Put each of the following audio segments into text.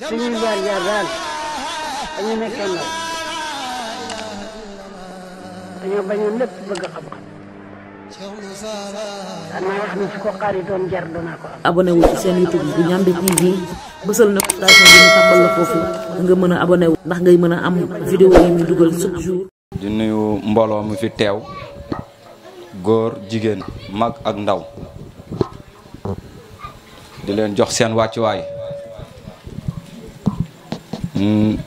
suñuy jaar jaar daal dañu nekkee ne su ko xaari doon jar youtube bu ñambi tv bësal na bi ñu la nga abonné ndax ngay am vidéo yi ñu dugal chaque jour di nuyu mbooloo mi fi mag ak ndaw di leen jox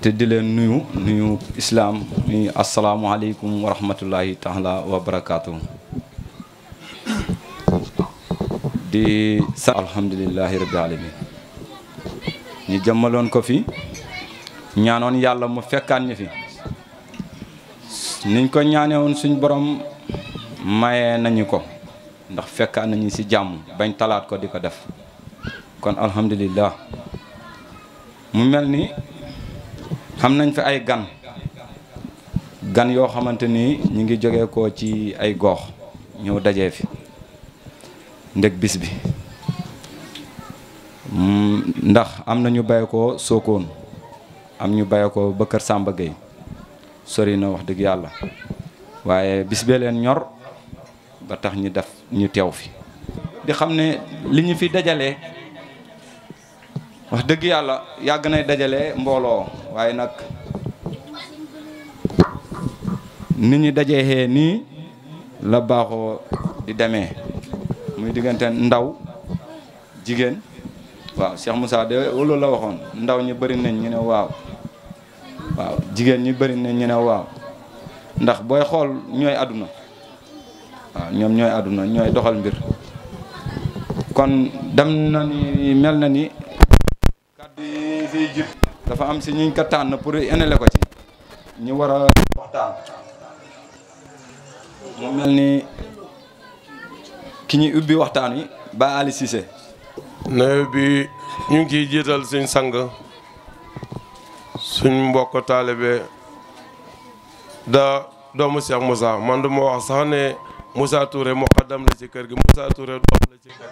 te di leen nuyu nuyu islaam wa rahmatullahi taala wa barakatuh. di sa alhamdulillahi rabbi alamin ni jamalon ko fi ñaanon yalla mu fekkan ñu fi niñ ko won suñ borom mayé nañu ko ndax fekkan nañu ci jamm bañ talat ko di def kon alhamdulillah mu melni am nañ fi ay gan gan yoo xamante ni ñu ngi joge ko ci ay gox ñëw daje fi ndeg bis bi mm, ndax am na ñu baye ko Sokone am ñu baye ko ba Kër Samba Gueye sori na wax dëgg yàlla waaye bis bee leen ñor ba tax ñi def ñu teew fi di xam ne li ñu fi dajalee wax dëgg yàlla yàgg nay dajale mbooloo waaye nag nit ñi dajee nii la baaxoo di demee muy diggante ndaw jigéen waaw Cheikh Moussa de la waxoon ndaw ñi bari nañ ñu waaw waaw jigéen ñi bari nañ ñu ne waaw ndax booy xool ñooy àdduna waaw ñoom ñooy àdduna ñooy doxal mbir kon dem na ni mel na ni fiy dafa am si ñuñ ko tànn pour enele ko ci ñu war a waxtaan mu mel ni ki ñuy ubbi waxtaan wi ba Ali Cissé nawet bi ñu ngi ciy jiital suñ sang suñ mbokk taalibe da doomu Cheikh Moussa man du ma wax sax ne Moussa Touré muqaddam la ci kër gi Moussa Touré doom la ci kër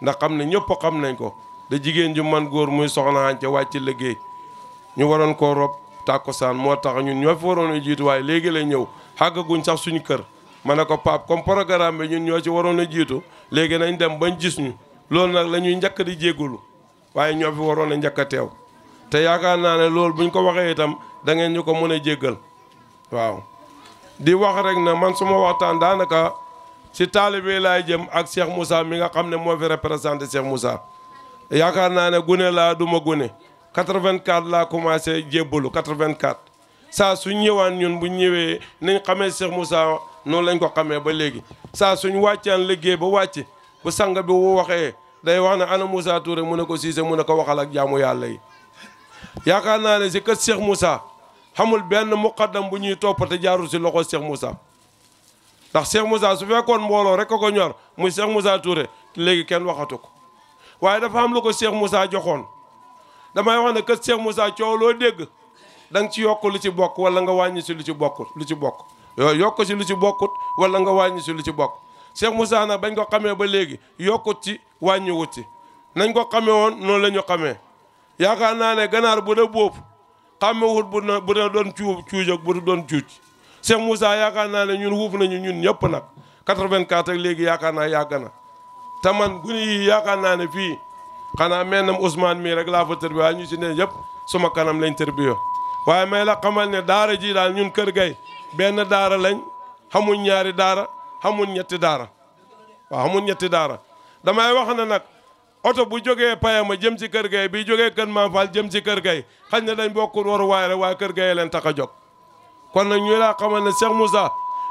ndax xam ne ñëpp xam nañ ko da jigéen ju man góor muy soxna Ancam wàcc liggéey ñu waroon koo rob tàkkusaan moo tax ñun ñoo fi waroon a jiitu waaye léegi lay ñëw xàggaguñ sax suñu kër ma ne ko Pape comme programme bi ñun ñoo ci waroon a jiitu léegi nañ dem bañ gis ñu loolu nag la ñuy njëkk di jégalu waaye ñoo fi waroon a njëkk a teew te yaakaar naa ne loolu buñ ko waxee itam da ngeen ñu ko mën a jéggal waaw di wax rek na man suma waxtaan daanaka. si taalibe laay jëm ak Cheikh Moussa mi nga xam ne moo fi représenté Cheikh Moussa yaakaar naa ne gune laa duma ma gune 84 laa commencé jébbalu 84 saa suñ ñëwaan ñun bu ñëwee niñ xamee Cheikh Moussa noonu lañ ko xamee ba léegi saa suñ wàccaan liggéey ba wàcc bu sang bi wu waxee day wax ne ana Moussa Touré mu ne ko Cissé mu ne ko waxal ak jaamu yàlla yi yaakaar naa ne si kër Cheikh Moussa xamul benn muqaddam bu ñuy toppate jaarul si loxo Cheikh Moussa ndax Cheikh Moussa su fekkoon mbooloo rek ko ko ñor muy Cheikh Moussa Touré léegi kenn waxatu ko waaye dafa am lu ko Cheikh Moussa joxoon damay wax ne kër Cheikh Moussa coow loo dégg da ci yokk lu ci bokk wala nga wàññi si lu ci bokkul lu ci bokk yooyu yokk si lu ci bokkut wala nga wàññi si lu ci bokk Cheikh Moussa nag bañ ko xamee ba léegi yokkut ci wàññiwut ci nañ ko xamee woon noonu la ñu xamee yaakaar naa ne ganaar bu da bóob xamewut bu na bu de doon cuub cuuj ak bu doon cuuj Cheikh Moussa yaakaar naa ne ñun wuuf nañu ñun ñëpp nag 84 ak léegi yaakaar naa yàgg na te man gune yi yaakaar naa ne fii xanaa mennam Ousmane mii rek laa fa tërbi waaye ñu si ne yëpp suma kanam lañ tërbiyo waaye may la xamal ne daara jii daal ñun kër gay benn daara lañ xamuñ ñaari daara xamuñ ñetti daara waaw xamuñ ñetti daara damay wax ne nag oto bu jógee payama jëm ci kër gay bi jógee kër Mame jëm ci kër gay xañ na dañ bokkul waaye rek waaye kër gay leen tax a jóg kon nag ñu laa xamal ne Cheikh Moussa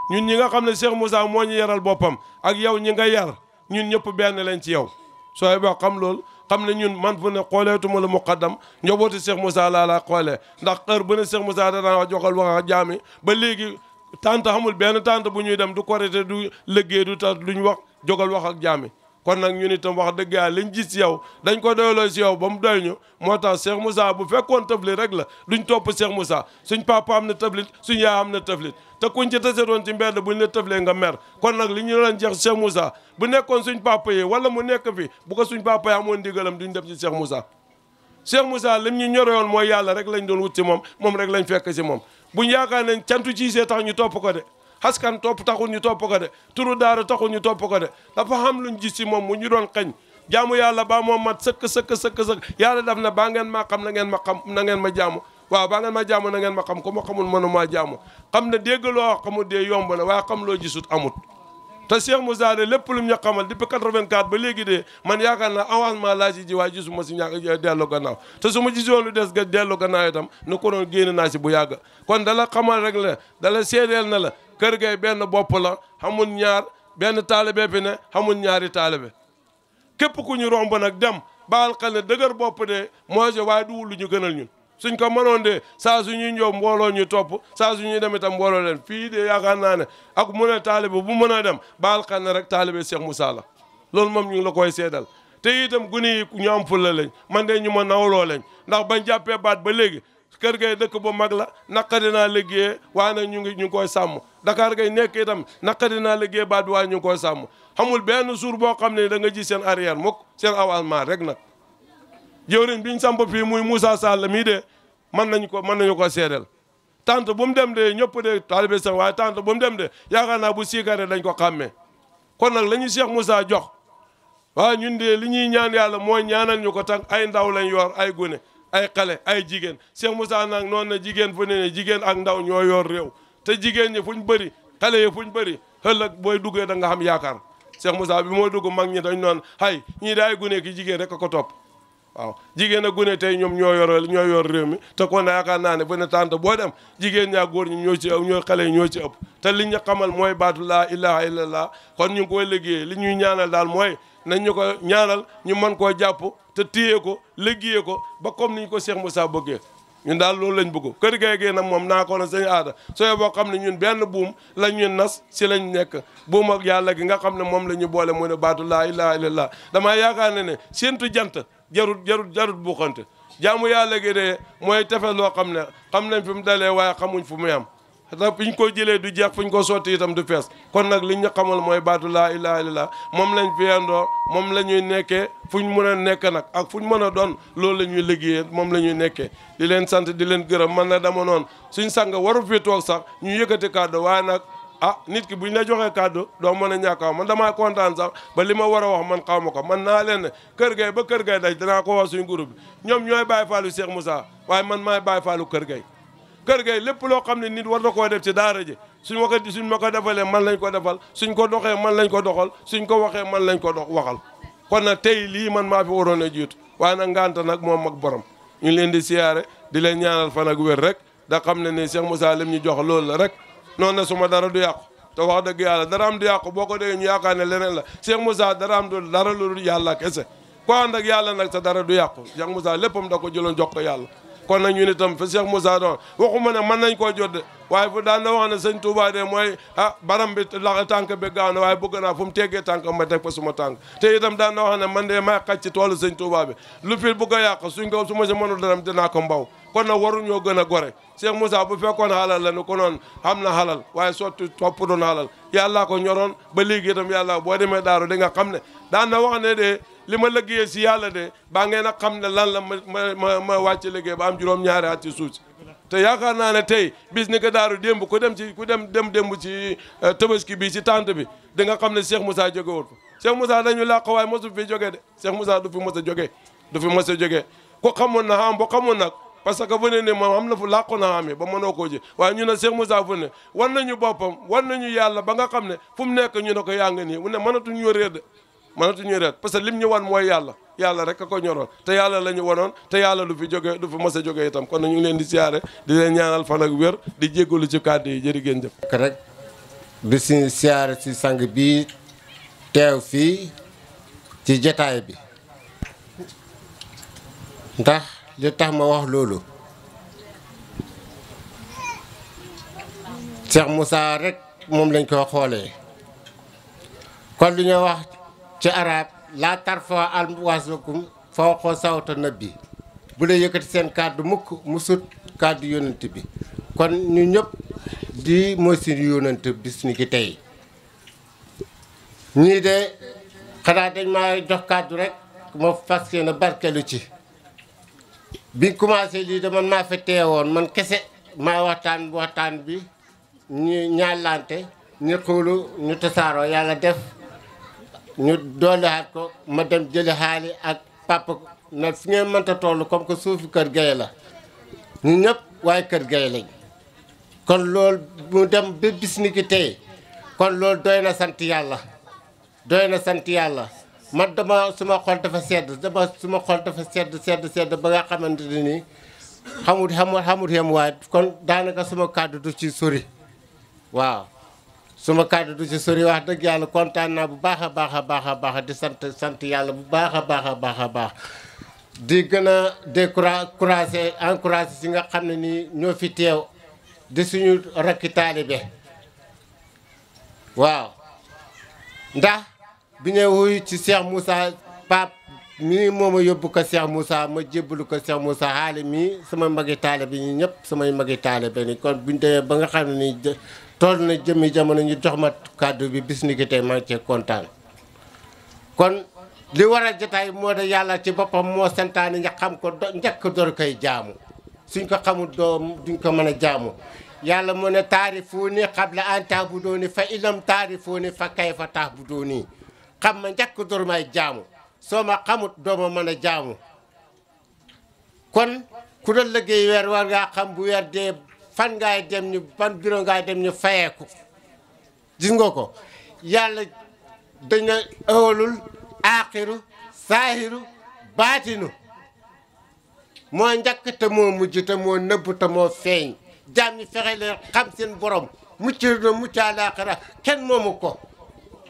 ñun ñi nga xam ne Cheikh Moussa moo ñu yaral boppam ak yow ñi nga yar ñun ñëpp benn lañ ci yow sooy boo xam loolu xam ne ñun man fu ne xooleetuma la muqaddam njobootu Cheikh Moussa laa laa xoolee ndax heure bu ne Cheikh Moussa danaa wax joxal wax ak jaami ba léegi tante xamul benn tante bu ñuy dem du korité du liggéey du tax duñ wax jogal wax ak jaami kon nag ñun itam wax dëgg yàlla liñ gis si yow dañ ko doyloo si yow ba mu doy ñu moo tax Cheikh Moussa bu fekkoon tëflit rek la duñ topp Cheikh Moussa suñ papa am na tëflit suñ yaay am na tëflit te kuñ ci taseroon ci mbedd buñ la tëflee nga mer kon nag li ñu doon jeex Cheikh Moussa bu nekkoon suñ papa yi wala mu nekk fi bu ko suñ papa yi amoon ndigalam duñ def ci Cheikh Moussa Cheikh Moussa lim ñu ñoroyoon mooy yàlla rek lañ doon wut ci moom moom rek lañ fekk si moom buñ yaakaar ne cantu ciisee tax ñu topp ko de xaskan topp taxul ñu topp ko de turu daara taxul ñu topp ko de dafa xam luñ gis ci moom mu ñu doon xañ jaamu yàlla ba moo mat sëkk sëkk sëkk sëkk yàlla daf na baa ngeen maa xam na ngeen ma xam na ngeen ma jaamu waaw baa ngeen ma jaamu na ngeen ma xam ko ma xamul mënu maa jaamu xam ne dégg loo xamul dee yomb na waaye xam loo gisut amut te Cheikh Moussa de lépp lu mu ñu xamal depuis 84 ba léegi de man yaakaar naa avancement laa ci ji waaye gisuma si ñàkk dellu gannaaw te su ma gisoon lu des ga dellu gannaaw itam nu ko doon génn naa si bu yàgg kon dala xamal rek la dala seedeel na la kër gay benn bopp la xamul ñaar benn taalibe bi ne xamul ñaari taalibe képp ku ñu romb nag dem baal xel ne dëgër bopp de moje waaye duwul lu ñu gënal ñun suñ ko mënoon de saa suñuy ñëw mbooloo ñu topp saa suñuy dem itam mbooloo leen fii de yaakaar naa ne ak mu ne taalibe bu mën dem baal xel ne rek taalibe Cheikh Moussa la loolu moom ñu ngi la koy seedal te itam gune yi ñu am fulla lañ man de ñu ma nawloo lañ ndax bañ jàppee baat ba léegi kër gay dëkk bu mag la naqari naa liggéeyee waaye nag ñu ngi ñu ngi koy sàmm Dakar gay nekk itam naqari naa liggéey baat bi waaye ñu ngi koy sàmm xamul benn suur boo xam ne da nga ji seen arrière mukk seen avancement rek nag jëwriñ biñ samp fii muy Moussa Sall mii de mën nañ ko mën nañu ko seedeel tant bu mu dem de ñëpp de taalibe sax waaye tant bu mu dem de yaakaar naa bu siikare dañ ko xàmmee kon nag la ñu Cheikh Moussa jox waaw ñun de li ñuy ñaan yàlla mooy ñaanal ñu ko tànk ay ndaw lañ yor ay gune ay xale ay jigéen Cheikh Moussa nag noonu na jigéen fu ne ne jigéen ak ndaw ñoo yor réew te jigéen ñi fuñ bëri xale yi fuñ bëri ëllëg booy duggee da nga xam yaakaar Cheikh Moussa bi mooy dugg mag ñi dañ noon hay ñii daay gune ki jigéen rek a ko topp waaw jigéen a gune tey ñoom ñoo yor ñoo yor réew mi te kon yaakaar naa ne bu ne tànt boo dem jigéen ñaa góor ñi ñoo ci ëpp ñoo xale yi ñoo ci ëpp te li ñu xamal mooy baatu laa ilaha illallah kon ñu ngi koy li ñuy ñaanal daal mooy nañ ñu ko ñaanal ñu mën koo jàpp te téye ko liggéeye ko ba comme niñ ko Cheikh Moussa bëggee ñun daal loolu lañ bëgg kër gay gee nag moom naa ko na sëñ aada sooy boo xam ne ñun benn buum la ñuy nas si ñu nekk buum ak yàlla gi nga xam ne moom la ñu boole mu ne baatu laa ilaha illallah damaa yaakaar ne ne séntu jant jarut jarut jarut buuxante jaamu yàlla gi de mooy tefe loo xam ne xam nañ fi mu dalee waaye xamuñ fu muy am ndax fu ñu ko jëlee du jeex fu ko sotti itam du fees kon nag li ñu xamal mooy baatu laa ilaha illallah moom lañ fi yendoo moom la ñuy nekkee fu ñu mën a nekk nag ak fu ñu mën a doon loolu la ñuy liggéeyee moom la ñuy nekkee leen sant di leen gërëm man na dama noonu suñ sang waru fi toog sax ñu yëkkati kàddu waaye nag ah nit ki bu ñu la joxee kàddu doo mën a ñàkk man damaa kontaan sax ba li ma war a wax man xaw ma ko man naa leen ne kër gay ba kër gay daj danaa ko wax bi ñoom ñooy bàyyi faalu Cheikh waaye man maay bàyyi faalu kër gay kër gay lépp loo xam ne nit war na koo def ci daara ji suñ ma ko suñ defalee man lañ ko defal suñ ko doxee man lañ ko doxal suñ ko waxee man lañ ko dox waxal kon na tey lii man maa fi waroon a jiitu waaye nag nganta nag moom mag borom ñu leen di siyaare di leen ñaanal fan ak wér rek da xam ne ni Cheikh Moussa lim ñu jox lool la rek noon na suma dara du yàqu te wax dëgg yàlla dara am du yàqu boo ko déggee ñu yaakaar ne leneen la Cheikh Moussa dara am du dara lu yàlla kese ko yàlla nag sa dara du yàqu Cheikh Moussa léppam da ko jëloon jox ko yàlla kon nag ñu ne itam fa Cheikh Moussa doon waxuma ne mën nañ koo jot de waaye fu daan na wax ne sëñ Touba de mooy ah baram bi la tànk be gaaw na waaye bëgg naa fu mu teggee tànk ma teg fa suma tànk te itam daan na wax ne man de may xaj ci toolu sëñ Touba lu fi bëgg a yàq suñ ko su ma si daram dara naa ko mbaw kon nag waruñoo gën a gore Cheikh Moussa bu fekkoon xalal la nu ko noon xam na xalal waaye sotti topp doon xalal yàllaa ko ñoroon ba léegi itam yàlla boo demee daaru di nga xam ne daan na wax ne de li ma liggéeyee si yàlla de baa ngeen a xam ne lan la ma ma ma wàcc liggéey ba am juróom-ñaari at ci suuf te yaakaar naa ne tey bis ni ko daaru démb ku dem ci ku dem dem démb ci euh, tabaski bi ci tente bi di nga xam ne Cheikh Moussa jóge woon fa Cheikh Moussa dañu làq waaye mosu fi jógee de Cheikh Moussa du fi mos a jógee du fi mos a jógee ko xamoon na xam ba xamoon nag parce que fu ne ni moom am na fu làqu na xamee ba mënoo koo ji waaye ñu ne Cheikh Moussa fu ne na ñu boppam wan nañu yàlla ba nga xam ne fu mu nekk ñu ne ko yaa ngi nii mu ne mënatuñu réer de mënatuñu réer parce que lim ñu wan mooy yàlla yàlla rek a ko ñoroon te yàlla la ñu wonoon te yàlla du fi jóge du fi mos a jóge itam kon ñu ngi leen di siyaare di leen ñaanal fan ak wér di lu ci kàddu yi jërë ngeen jëf. rek di si siyaare ci sang bii teew fii ci jataay bi ndax li tax ma wax loolu. Cheikh Moussa rek moom lañ ko xoolee kon li ñu wax ci arab laa tarfa alwaasukum fawqa sawta nabi bu dee yëkkati seen kàddu mukk mu kàddu yonent bi kon ñu ñëpp di mooy suñu yonent bis ni ki tey ñii de xanaa dañ maa jox kàddu rek ma fas yéene barkelu ci bi commencé lii de man maa fa man kese maa waxtaan waxtaan bi ñu ñaalante ñu xuulu ñu tasaaroo yàlla def ñu dooleaat ko ma dem jëli xaali ak papa na fi ngeen mënta toll comme que suufu kër gaye la ñu ñëpp waaye kër gaye lañ kon lool mu dem ba bis ni ki tey kon lool doy na sant yàlla doy na sant yàlla man dama suma xol dafa sedd dama suma xol dafa sedd sedd sedd ba nga xamante ne nii xamut xamut xamut yem waaye kon daanaka suma kàddu ci sori waaw suma kàddu du ci sori wax dëgg yàlla kontaan naa bu baax a baax a baax a baax di sant sant yàlla bu baax a baax a baax a baax di gën a découragé encouragé si nga xam ne nii ñoo fi teew di suñu rakki taalibe waaw ndax bi ñu wuyu ci Cheikh Moussa Pape mii mooma yóbbu ko Cheikh Moussa ma jébbalu ko Cheikh Moussa xaali mii sama magi taalibe ñi ñëpp samay magi taalibe ni kon buñ demee ba nga xam ne nii toll na jëmmi jamono ñu jox ma kàddu bi bis ni ki tey maa ngi cee kontaan kon li waral jotaay moo de yàlla ci boppam moo santaane nga xam ko do njëkk door koy jaamu suñ ko xamul doom duñ ko mën a jaamu yàlla mu ne taarifuuni qabla an taabuduuni fa ilam taarifuuni fa kayfa taabuduuni xam ma njëkk door may jaamu soo ma xamut doo mën a jaamu kon ku doon liggéey weer war ngaa xam bu weer dee fan ngaay dem ñu ban bureau fayeeku gis ko yàlla dañu ëwalul aaxiru saahiru baatinu moo njëkk te moo mujj te moo nëbb te moo feeñ jaam ñi fexe xam seen borom mucc na mucc àlaaxira kenn moomu ko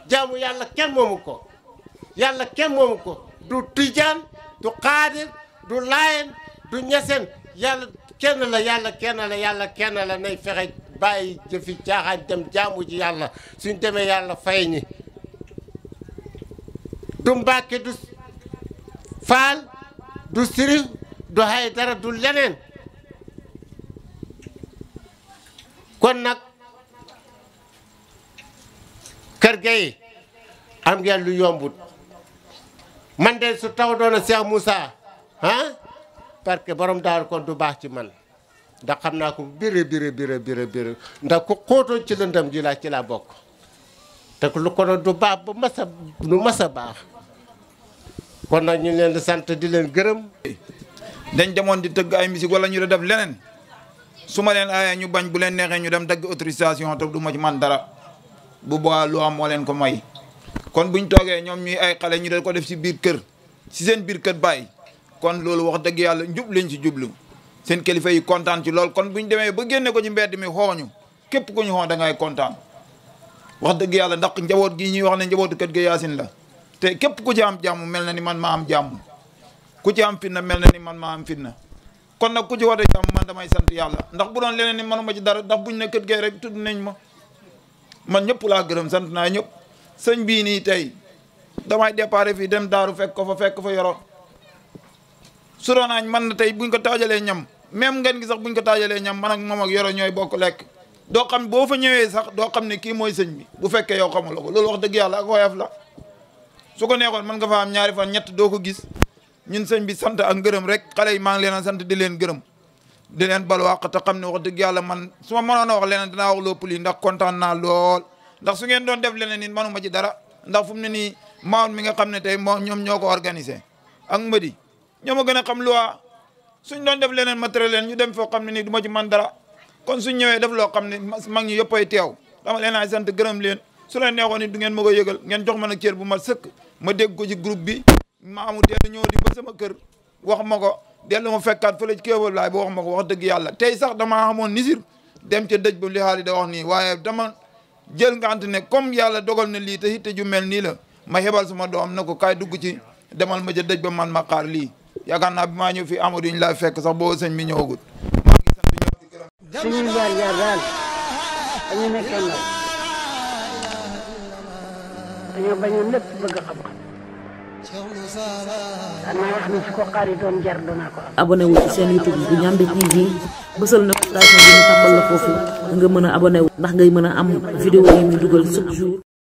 jaamu yàlla kenn moomu ko yàlla kenn moomu ko du tijaan du xaadir du laayeen du ñeseen yàlla kenn la yàlla kenn la yàlla kenn la nay fexe bàyyi jëfi caaxaan dem jaamu ji yàlla suñ demee yàlla fay ñi du Mbàkke du Faal du Sirif du Haydara du leneen kon nag kër ga yi am ngeen lu yombut man de su taw doona Cheikh Moussa ah parce que borom daaru kon du baax ci man ndax xam naa ko béré béré béré béré ndax ko xóotoon ci lëndam ji laa ci laa bokk te lu kono du baax ba mas bu lu mas a baax kon nag ñu leen di sant di leen gërëm dañ demoon di tëgg ay musique wala ñu da def leneen su ma leen aayee ñu bañ bu leen neexee ñu dem dagg autorisation te du ma ci man dara bu boobaa lu am moo leen ko may kon buñ toogee ñoom ñuy ay xale ñu da ko def si biir kër si seen biir kër bàyyi kon loolu wax dëgg yàlla njub lañ ci jublu seen kilifa yi kontaan ci lool kon bu ñu demee ba génne ko ci mbedd mi xooñu képp ku ñu xoo da ngay kontaan wax dëgg yàlla ndax njaboot gi ñuy wax ne njabootu kër ga yaasin la te képp ku ci am jàmm mel na ni man ma am jàmm ku ci am fitna mel na ni man maa am fitna kon nag ku ci woote jàmm man damay sant yàlla ndax bu doon leneen ni manuma ci dara ndax buñ ne kër gay rek tudd nañ ma man ñëpp laa gërëm sant naa ñëpp sëñ bii nii tey damay déparé fii dem daaru fekk ko fa fekk fa yoro suroonañ man na tey buñ ko taajalee ñam même ngeen gi sax buñ ko taajalee ñam man ak moom ak yoro ñooy bokk lekk doo xam boo fa ñëwee sax doo xam ne kii mooy sëñ bi bu fekkee yow xamuloo ko wax dëgg yàlla ak woyof la su ko neexoon mën nga fa am ñaari fan ñett doo ko gis ñun sëñ bi sant ak ngërëm rek xale yi maa ngi leen a sant di leen gërëm di leen balwaq te xam ne wax dëgg yàlla man su ma mënoon a wax leneen dinaa wax lépp lii ndax kontaan naa lool ndax su ngeen doon def leneen nit mënu ci dara ndax fu mu ne mi nga xam ne tey moo ñoom ñoo ko organisé ak mbëdi ñoo ma gën a xam loi suñ doon def leneen matériel leen ñu dem foo xam ne nii du ma man dara kon suñ ñëwee def loo xam ne mag ñi yëppay teew dama leen ay sant gërëm leen su leen neexoon ni du ngeen ma ko yëgal ngeen jox ma nag cër bu ma sëkk ma dégg ko ci groupe bi maamu dellu ñëw di ba sama kër wax ma ko dellu ma fekkaat fële ci kéwal laay ba wax ma ko wax dëgg yàlla tey sax damaa xamoon nisir dem ca dëj ba li xaali da nii waaye dama jël nga ante ne comme yàlla dogol na lii te hitte ju mel nii la ma xebal sama doom na ko kaay dugg ci demal ma ca dëj ba man ma xaar lii ya kan nabi ma ñu fi Amadou ñu la fekk sax bo señ mi ñogut ma ngi sant ñu di gërëm suñu jaar jaar dal ñu nekkoon nag ñu bañu lépp bëgg xam-xam wu ci seen youtube bu ñambe tv na ñu la nga am vidéo yi chaque